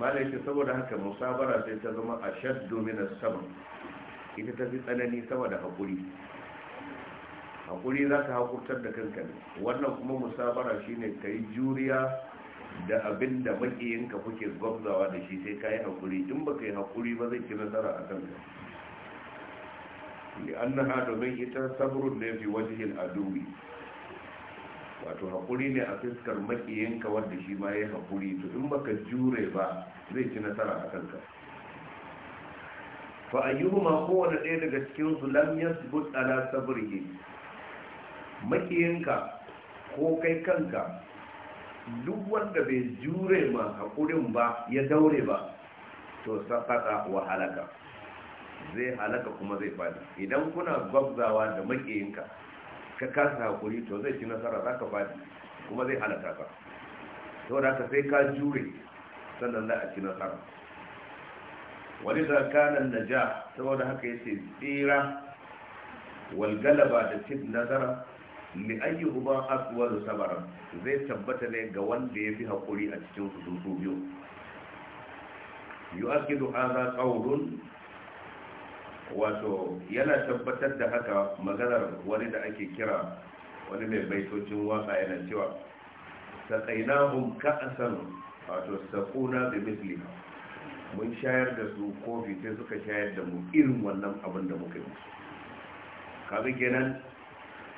Speaker 1: da yake saboda haka musabara sai ta zama a domin a saman ita ta fi tsanani sama da haƙuri. Haƙuri za ka haƙurtar da kanka ne wannan kuma musabara shine ka yi juriya da abin da makiyinka kuke gwamzawa da shi sai ka yi haƙuri, in ba ka yi haƙuri ba zai ci nasara a kanka Annaha domin ita sabrun ne fi wajhil aduwi wato hakuri ne a fiskar makiyinka wanda shi ma ya hakuri to in baka jure ba zai ci nasara a kanka fa ma kowane ɗaya daga cikin su lam yasbut ala sabrihi makiyinka ko kai kanka duk wanda bai jure ma haƙurin ba ya daure ba to sakata wa halaka zai halaka kuma zai fadi idan kuna gwabzawa da makiyinka ka kasa hakuri to zai ci nasara za ka fadi kuma zai halaka ka to da ka sai ka jure sannan za a ci nasara wani da kanan naja saboda haka yace tsira wal galaba da cin nasara li ayyuhuma aswalu sabara zai tabbata ne ga wanda yafi hakuri a cikin su biyu yu'akidu hadha qawlun wato yana tabbatar da haka maganar wani da ake kira wani mai baitocin waka yana cewa hun ka'asan wato Sakuna da misliha mun shayar da su kofi sai suka shayar da mu irin wannan abin da muka yi kaga kenan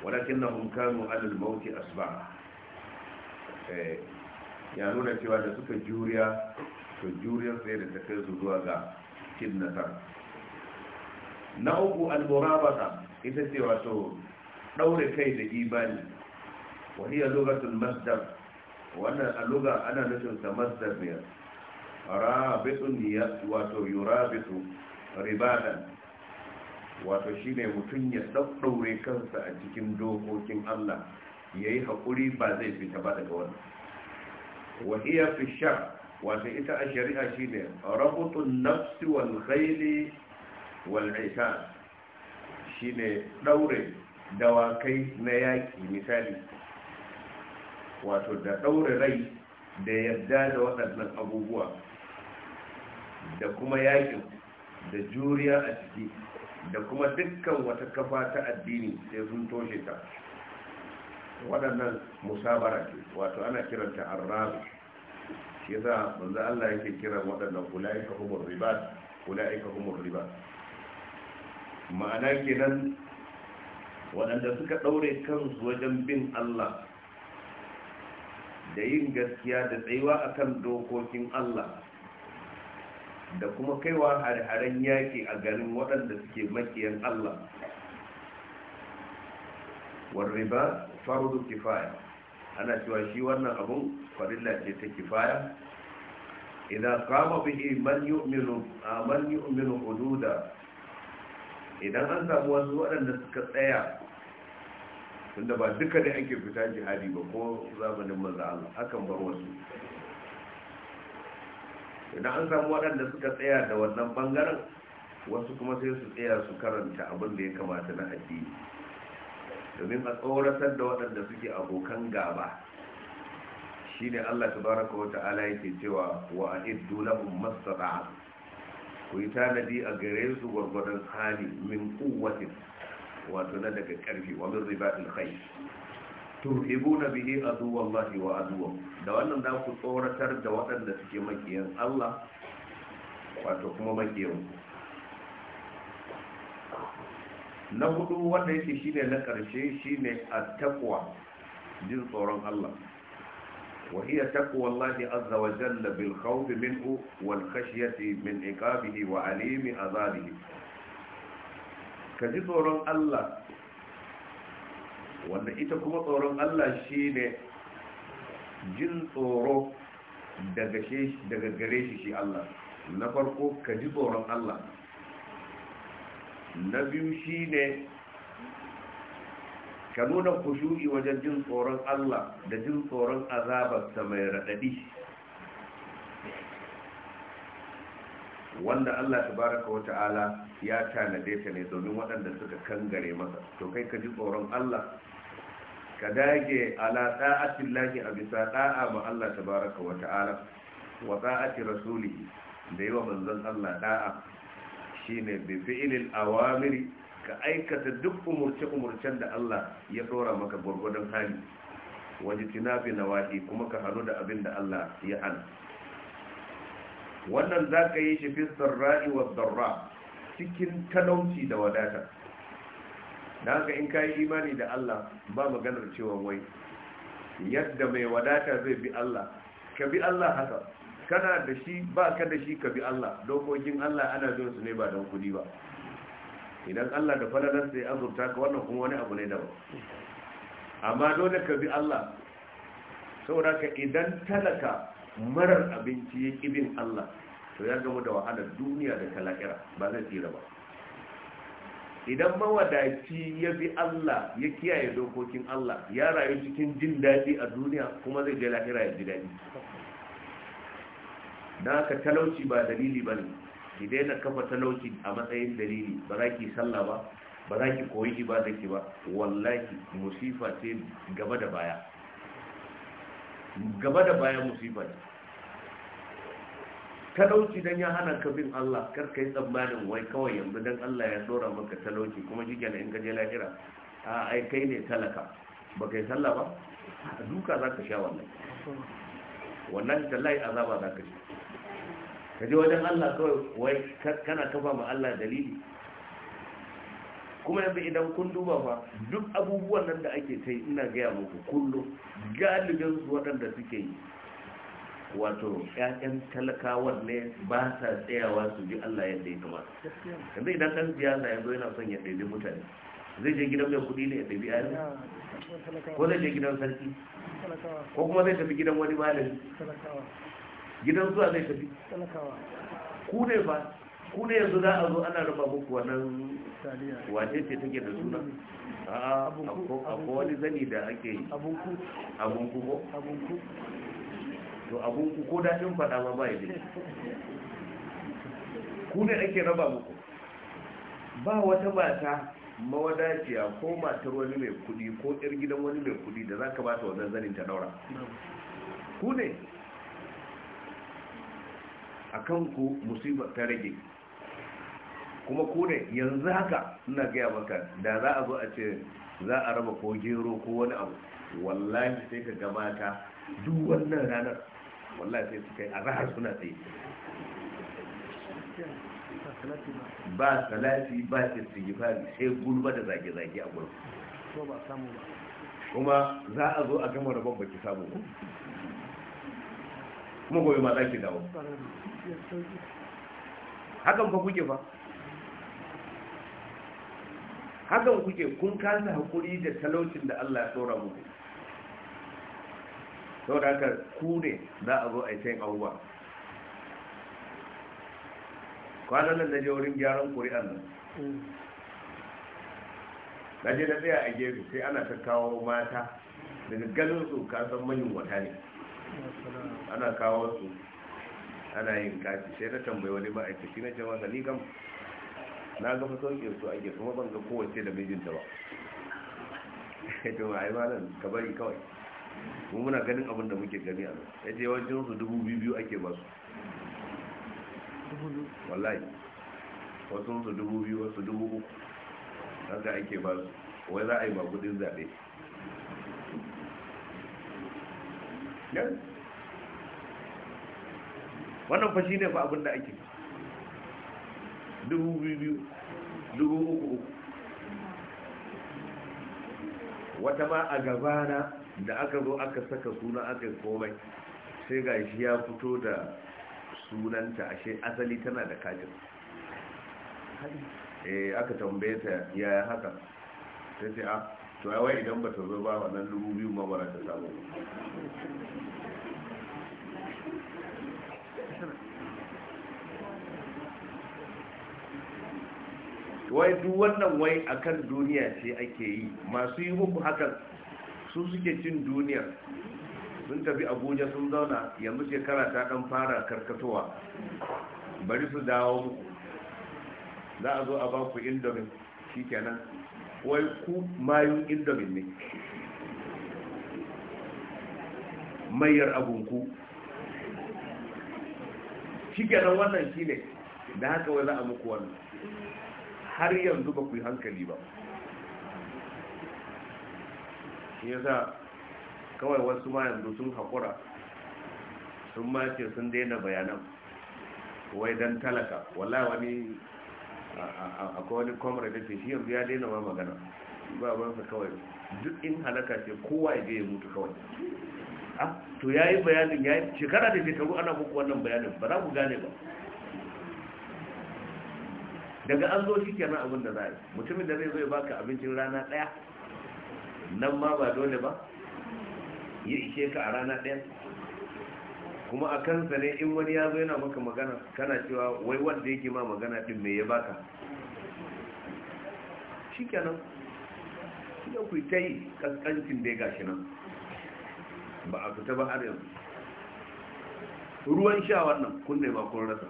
Speaker 1: walakin na hunkanu adal mauti asba eh, ya nuna cewa da suka juriya to juriyar sai da ta kai zuwa ga cin nasar. na uku al-murabata ita ce wato daure kai da imani wa hiya lughatul masdar wannan a lugha ana nufin sa masdar ne rabitun ya wato yurabitu ribatan wato shine mutum ya daure kansa a cikin dokokin Allah yayi haƙuri ba zai fita ba daga wannan wa hiya fi shar wato ita a shari'a shine rabutun nafsi wal khayli wal'aika shi ne ɗaure dawakai na yaƙi misali wato da ɗaure rai da yarda da waɗannan abubuwa da kuma yaƙin da juriya a ciki da kuma dukkan wata kafa ta addini sai sun toshe ta waɗannan musabara ce wato ana kiranta arrabu shi yasa manzo Allah yake kiran waɗannan ulaika humur ribat ulaika ribat ma'ana kenan waɗanda suka ɗaure kansu wajen bin Allah da yin gaskiya da tsayuwa akan dokokin Allah da kuma kaiwa hare-haren yaƙi a garin waɗanda suke makiyan Allah warriba farudu kifaya ana cewa shi wannan abun farilla ce ta kifaya idan kama bihi man yu'minu man yu'minu hududa idan an samu wasu waɗanda suka tsaya tunda ba duka ne ake fita jihadi ba ko zamanin maza a akan bar wasu idan an samu waɗanda suka tsaya da wannan bangaren wasu kuma sai su tsaya su karanta abin da ya kamata na addini domin a tsoratar da waɗanda suke abokan gaba Shi ne Allah tabaraka Wata'ala ala yake cewa wa a'iddu lahum ku yi tanadi a gare su gwargwadon hali min kowace wato na daga karfi wa min ribatil khayr a zuwan aduwallahi wa zuwa. da wannan za ku tsoratar da waɗanda suke makiyan Allah wato kuma makiyan na hudu wanda yake shine na ƙarshe shine a taqwa jin tsoron Allah وهي تقوى الله عز وجل بالخوف منه والخشية من عقابه وعليم عذابه كذي تورن الله wanda ita kuma tsoron Allah shine jin tsoro daga gare shi shi Allah na farko ka ji tsoron Allah na biyu shine ka nuna kushu'i wajen jin tsoron Allah da jin tsoron azabar ta mai raɗaɗi wanda Allah Baraka wa ta'ala ya tanade ta ne domin waɗanda suka kangare masa to kai ka ji tsoron Allah ka dage ala tsa'atin lahi a bisa ɗa'a ma Allah Baraka wa ta'ala wa tsa'ati Rasuli da yi wa manzon Allah ɗa'a shine ne bifi'ilil awamiri ka aikata duk umurce-umurcen da Allah ya dora maka gwargwadon hali waje tinafi na wahi kuma ka hannu da abin da Allah ya hana wannan za ka yi shi fi sarra'i wa cikin talauci da wadata da haka in ka yi imani da Allah ba maganar cewa wai yadda mai wadata zai bi Allah ka bi Allah haka kana da shi ba ka da shi ka bi Allah dokokin Allah ana jin su ne ba don kudi ba idan Allah da falalarsa ya azurta ka wannan kuma wani abu ne daban amma dole ka bi Allah saboda ka idan talaka marar abinci ya ƙi bin Allah to ya gamu da wahalar duniya da kalakira ba zai tsira ba idan mawadaci ya bi Allah ya kiyaye dokokin Allah ya rayu cikin jin daɗi a duniya kuma zai je lahira ya ji daɗi don haka talauci ba dalili ba ne ki daina kafa talauci a matsayin dalili ba za ki sallah ba ba za ki koyi ki ba wallahi musifa ce gaba da baya gaba da baya musifa ce talauci don ya hana ka bin Allah kar ka yi tsammanin wai kawai yanzu don Allah ya dora maka talauci kuma shi kenan in ka je lahira a ai kai ne talaka ba kai salla ba duka za ka sha wannan wannan tallahi azaba za ka sha ka je wajen Allah kawai wai kana kafa ma Allah dalili kuma yanzu idan kun duba fa duk abubuwan nan da ake ta ina gaya muku kullu galibin su waɗanda suke yi wato ƴaƴan talakawar ne ba sa tsayawa su ji Allah yadda ya kamata yanzu idan ɗan siyasa yanzu yana son ya ɗaiɗi mutane zai je gidan mai kuɗi ne ya ɗaiɗi ayyana
Speaker 2: ko zai je gidan sarki ko kuma
Speaker 1: zai tafi gidan wani malami gidan zuwa zai tafi kune ba Kune yanzu za a zo ana raba muku wannan wace ce take da suna akwai wani zani da ake yi abunku ko to abunku ko daɗin faɗa ba ba yi Kune ake raba muku ba wata mata mawadaciya ko matar wani mai kudi ko 'yar gidan wani mai kudi da za ka ba ta wannan zanin ta daura ku ne a kanku musibar ta rage kuma ko da yanzu haka ina gaya maka da za a zo a ce za a raba ko gero ko wani abu wallahi sai ka gabata duk wannan ranar wallahi sai suka kai a rahar suna tsaye ba salati ba fari, sai gulba da zage-zage a gurin kuma za a zo a gama rabon baki samu kuma gobe ma za ki dawo hakan ba kuke ba hakan kuke kun kasa haƙuri da talaucin da Allah ya tsora mu sau da haka ku ne za a zo a yi sayin abubuwa kwanan nan na je wurin gyaran kuri'an nan na je na tsaya a gefe sai ana ta kawo mata daga ganin su kasan manyan wata ne ana kawo su ana yin kafi sai na tambayi wani ma'aikaci na jama'a ga kam? na ga fa ke so ake kuma ban ga kowace da mijinta ba ita ma aiwa nan ka bari kawai mu muna ganin abin da muke gani a nan ya ce yawancin su dubu biyu ake ba su wallahi wasu su dubu biyu wasu dubu uku haka ake ba su wai za a yi magudin zaɓe wannan fa shine fa abin da ake dubu biyu dubu uku uku wata ma a gabana da aka zo aka saka suna aka komai sai ga shi ya fito da sunanta ashe asali tana da kajin eh aka tambaye ta yaya haka ta ce a ah, to idan ba ta zo ba wannan dubu biyu ma ta samu wai duk wannan wai akan duniya ce ake yi masu yi muku hakan su suke cin duniya sun tafi abuja sun zauna yanzu shekara ta dan fara karkatowa bari su dawo za a zo a ba ku indomin kenan wai ku mayun indomin ne mayar abunku kenan wannan ne da haka wai za a muku wannan har yanzu ba ku yi hankali ba shi yasa kawai wasu ma yanzu sun haƙura sun ce sun daina bayanan wai don talaka wala wani akwai wani kwamar da ce shi yanzu ya daina ma magana ba bansa kawai duk in halaka ce kowa ya je ya mutu kawai ah, to ya yi bayanin ya yi shekara da shekaru ana muku wannan bayanin ba za ku gane ba daga an zo shi abin da za yi mutumin da zai zo ya baka abincin rana ɗaya nan ma ba dole ba ya ishe ka a rana daya kuma a kansa ne in wani ya zo yana maka magana kana cewa wai wanda yake ma magana din mai ya baka shi kenan ya ku ta yi kaskancin da ya gashi nan ba a fita ba har yanzu ruwan sha wannan kun ne ba kun rasa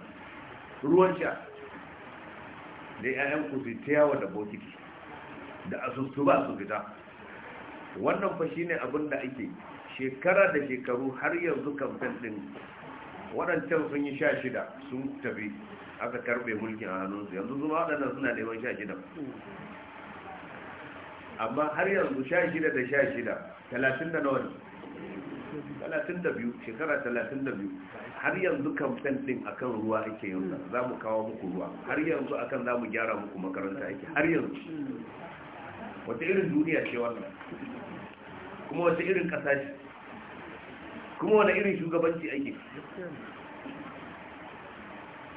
Speaker 1: ruwan sha da 'ya'yan ku su ta yawa da bokiti da asusu ba su fita wannan fa shine abin da ake shekara da shekaru har yanzu kamfen din waɗancan sun yi sha shida sun tafi aka karɓe mulkin a hannunsu yanzu zuma waɗannan suna da yawan sha shida amma har yanzu sha shida da sha shida talatin da nawa ne 32 shekara 32 har yanzu kamfen din akan ruwa ake da za mu kawo muku ruwa har yanzu akan za mu gyara muku makaranta ake har yanzu wata irin duniya ce wannan kuma wata irin ƙasa ce kuma wani irin shugabanci ake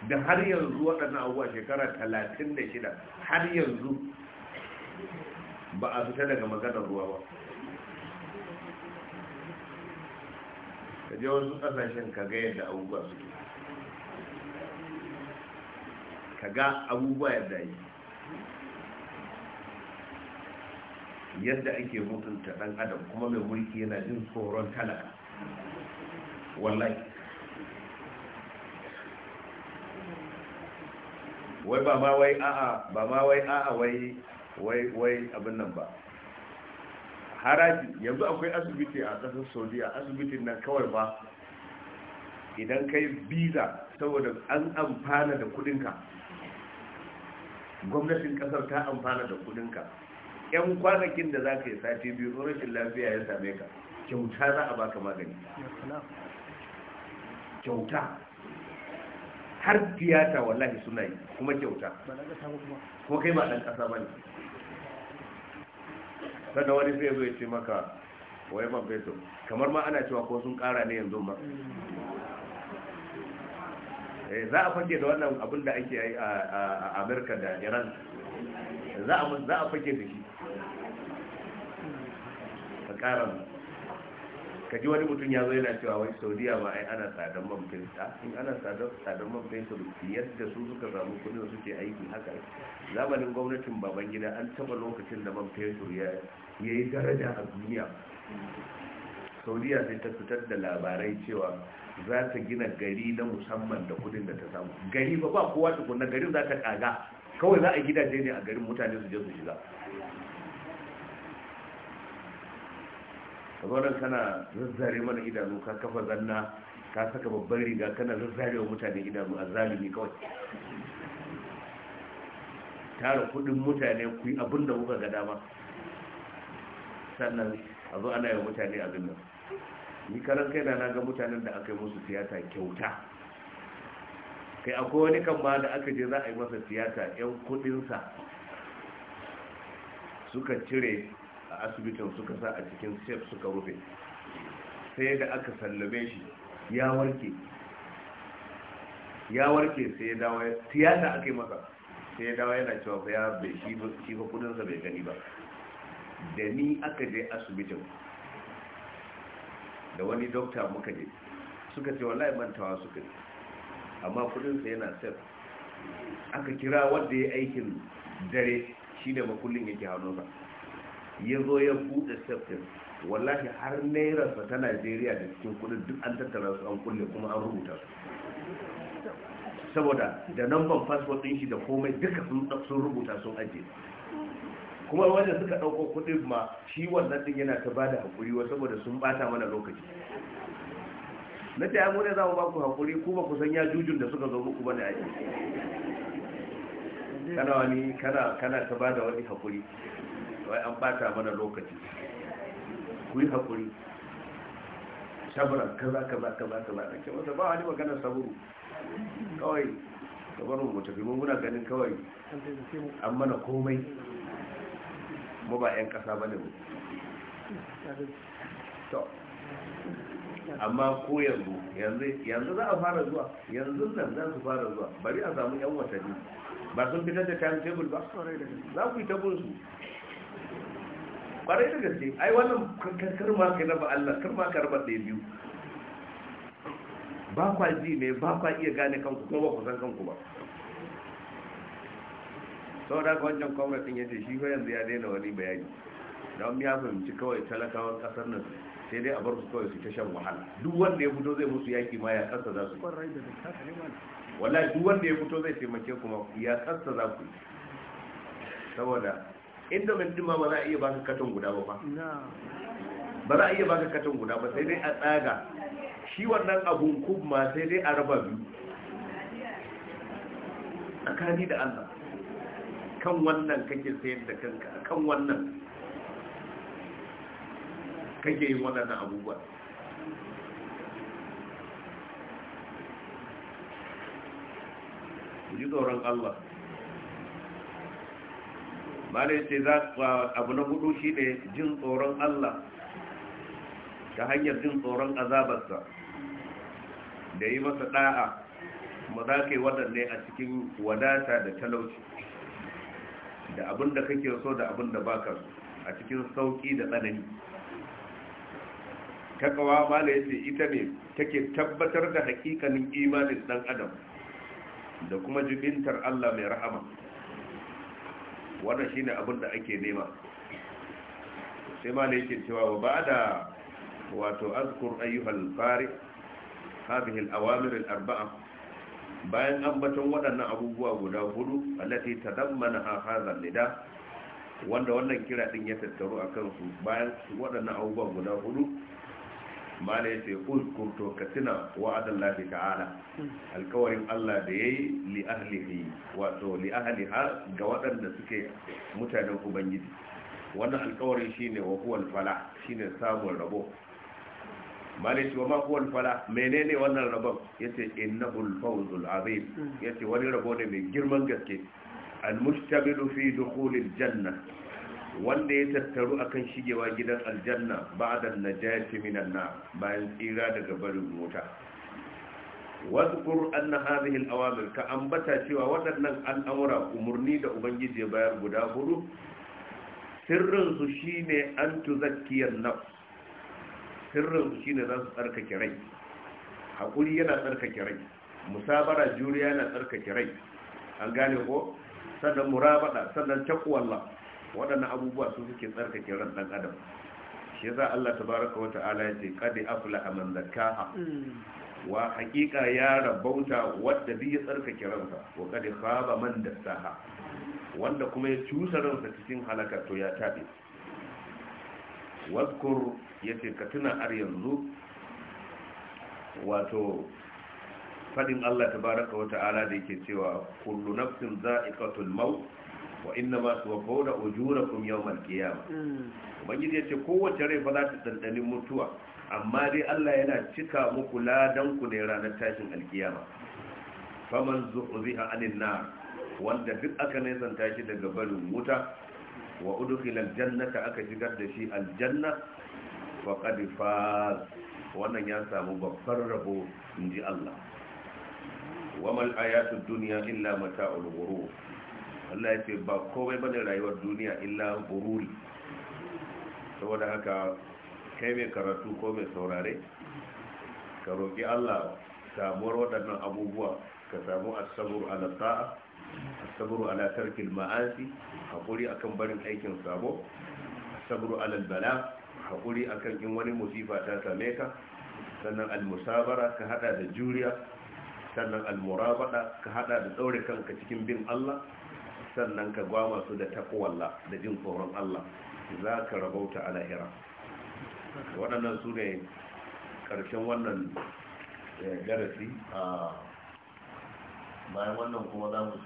Speaker 1: da har yanzu waɗannan abuwa shekara 36 har yanzu ba a fita daga maganar ruwa ba ka je wasu kasashen ka ga yadda abubuwa suke ka ga abubuwa yadda yi yadda ake mutunta dan adam kuma mai mulki yana jin tsoron talaka wallahi wai ba ma wai a'a ba ma wai a'a wai wai abin nan ba haraji yanzu akwai asibiti a ƙasar saudiya asibitin nan kawai ba idan kai biza saboda an amfana da kudinka gwamnatin ƙasar ta amfana da kudinka yan kwanakin da za ka yi sati biyu rashin lafiya ya same ka kyauta za a baka magani kyauta har tiyata wallahi suna yi kuma kyauta kuma kai ba ɗan ƙasa ba ne sannan wani zai zo ya ce maka waye man fetur kamar ma ana cewa ko sun kara ne yanzu ma eh, za a fake da wannan abin da ake yi a amurka da iran za a fake da shi a kara ka ji wani mutum ya zo yana cewa wai saudiya ma ai ana tsadan man fetur ah, in ana tsadan man fetur yadda su suka samu kudin suke aiki haka zamanin gwamnatin babangida an taba lokacin da man fetur ya ya yi daraja a duniya saudiya sai ta fitar da labarai cewa za ta gina gari na musamman da kudin da ta samu gari ba ba kowa tukunna garin za ta kaga kawai za a gidaje ne a garin mutane su je su shiga zaunar kana zazzare mana idanu ka kafa zanna ka saka babban riga kana zazzare wa mutane idanu a zalimi kawai tara kudin mutane ku yi abin da kuka ga dama sannan a zo ana yi mutane a nan ni karan kai na ga mutanen da aka yi musu siyasa kyauta kai akwai wani kan ma da aka je za a yi masa siyasa yan kudinsa suka cire a asibitin suka sa a cikin sef suka rufe sai da aka sallame shi ya warke ya warke sai ya dawo siyasa aka yi masa sai ya dawo yana cewa ya bai shi ba kudinsa bai gani ba da ni aka je asibitin da wani dokta muka je suka ce wallahi mantawa suka ce amma kudinsa yana sir aka kira wanda ya aikin dare shi da makullin yake hannunsa ya zo ya buɗe ɗin. wallahi har nairarsa ta najeriya da cikin kudin duk an tattara su an kulle kuma an rubuta
Speaker 2: su
Speaker 1: saboda da namban ban ɗin shi da komai duka sun rubuta sun ajiye kuma wanda suka ɗauko kuɗin ma shi wannan ɗin yana ta bada haƙuri wa saboda sun ɓata mana lokaci na ta yamu ne za mu ba ku haƙuri ku ba ku san ya jujun da suka zo muku da a kana wani kana kana ta bada wani haƙuri wai an ɓata mana lokaci ku yi haƙuri Shabarar, kaza kaza kaza kaza da ke masa ba wani magana saburu kawai kamar mu tafi mun muna ganin kawai an mana komai mu ba 'yan kasa ba ne mu amma ko yanzu yanzu za a fara zuwa yanzu nan za su fara zuwa bari a samu 'yan watanni ba sun fitar da time table ba za ku yi tabin su kwarai da gaske ai wannan karkar ma kai na Allah kar ma karbar ɗaya biyu ba kwa ji ne ba kwa iya gane kanku kuma ba ku san kanku ba sau da wancan kwamratin ya ce shi fa yanzu ya daina wani bayani don ya fahimci kawai talakawan kasar nan sai dai a bar su kawai su ta shan wahala duk wanda ya fito zai musu yaki ma ya kasa za su wala duk wanda ya fito zai taimake kuma ya kasa za ku saboda indomin mai ma ba za a iya baka katon guda ba ba za a iya baka katon guda ba sai dai a tsaga shi wannan abun kuma sai dai a raba biyu tsakani da Allah kan wannan kake sayar da kanka a kan wannan kake yin waɗannan abubuwa ji tsoron Allah ba da yace za abu na hudu shi ne jin tsoron Allah ta hanyar jin tsoron azabarsa da yi masa ɗa'a ma za ka yi waɗanne a cikin wadata da talauci da abin da kake so da abin da baka so a cikin sauki da tsanani takawa mala yace ita ne take tabbatar da hakikanin imanin dan adam da kuma jibintar Allah mai rahama wannan shine abin da ake nema sai mala yake cewa wa ba'da wato azkur ayyuhal Fari hadhihi al-awamir al-arba'a bayan ambaton waɗannan abubuwa guda hudu allati tadammanaha hadha nida wanda wannan kira din ya tattaru akan su bayan waɗannan abubuwa guda hudu mala yace uzkur to katina adallahi ta'ala alkawarin Allah da yayi li ahlihi wato li ahliha ga waɗanda suke mutanen ubangiji wannan alkawarin shine wa huwal fala shine samun rabo malik wa ma huwa fala menene wannan rabon yace innahul fawzul azim hmm. yace wani rabo ne mai girman gaske al mustamilu fi dukhulil janna wanda ya tattaru akan shigewa gidan aljanna ba'da najati minan nar bayan tsira daga barin mota Wasu anna hadhihi al-awamir ka ambata cewa waɗannan al'amura umurni da ubangiji ya bayar guda hudu sirrin su shine an tuzakkiyar nafs sirrin shine za su tsarkake rai hakuri yana tsarkake rai musabara juriya yana tsarkake rai an gane ko sannan murabada sannan takwallah waɗannan abubuwa su suke tsarkake ran dan adam shi yasa Allah tabaraka wa ta'ala ya ce qad aflaha man zakaha mm. wa haƙiƙa ya rabauta wadda bi ya tsarkake ransa wa qad khaba man dassaha wanda kuma ya cusa ransa cikin halaka to ya tabe wadkur ya ce ka tuna har yanzu wato fadin Allah tabaraka wa ta'ala da yake cewa kullu nafsin za'iqatul maut wa inna ma tuwaffawna ujurakum yawmal qiyamah hmm. ubangiji ce kowace rai ba za ta dandani mutuwa amma dai Allah yana cika muku ladan ku ne ranar tashin alkiyama faman zuhriha anin nar wanda duk aka ne zanta shi daga barin wuta wa udkhila aljannata aka shigar da shi aljanna faqad faz wannan ya samu babbar rabo ji Allah wamal hayatud duniya illa mata ghurur Allah ya ce ba komai bane rayuwar duniya illa bururi saboda haka kai mai karatu ko mai saurare ka roƙi Allah samuwar waɗannan abubuwa ka samu asabur ala ta'a asabur ala tarkil ma'asi hakuri akan barin aikin sabo asabur ala bala haƙuri akan in wani musifa ta same ka sannan almusabara ka hada da juriya sannan almurabada ka hada da daure kanka cikin bin Allah sannan ka gwama su da taqwallah da jin tsoron Allah za ka rabauta a lahira waɗannan su ne ƙarshen wannan eh, darasi a ah, bayan wannan kuma za mu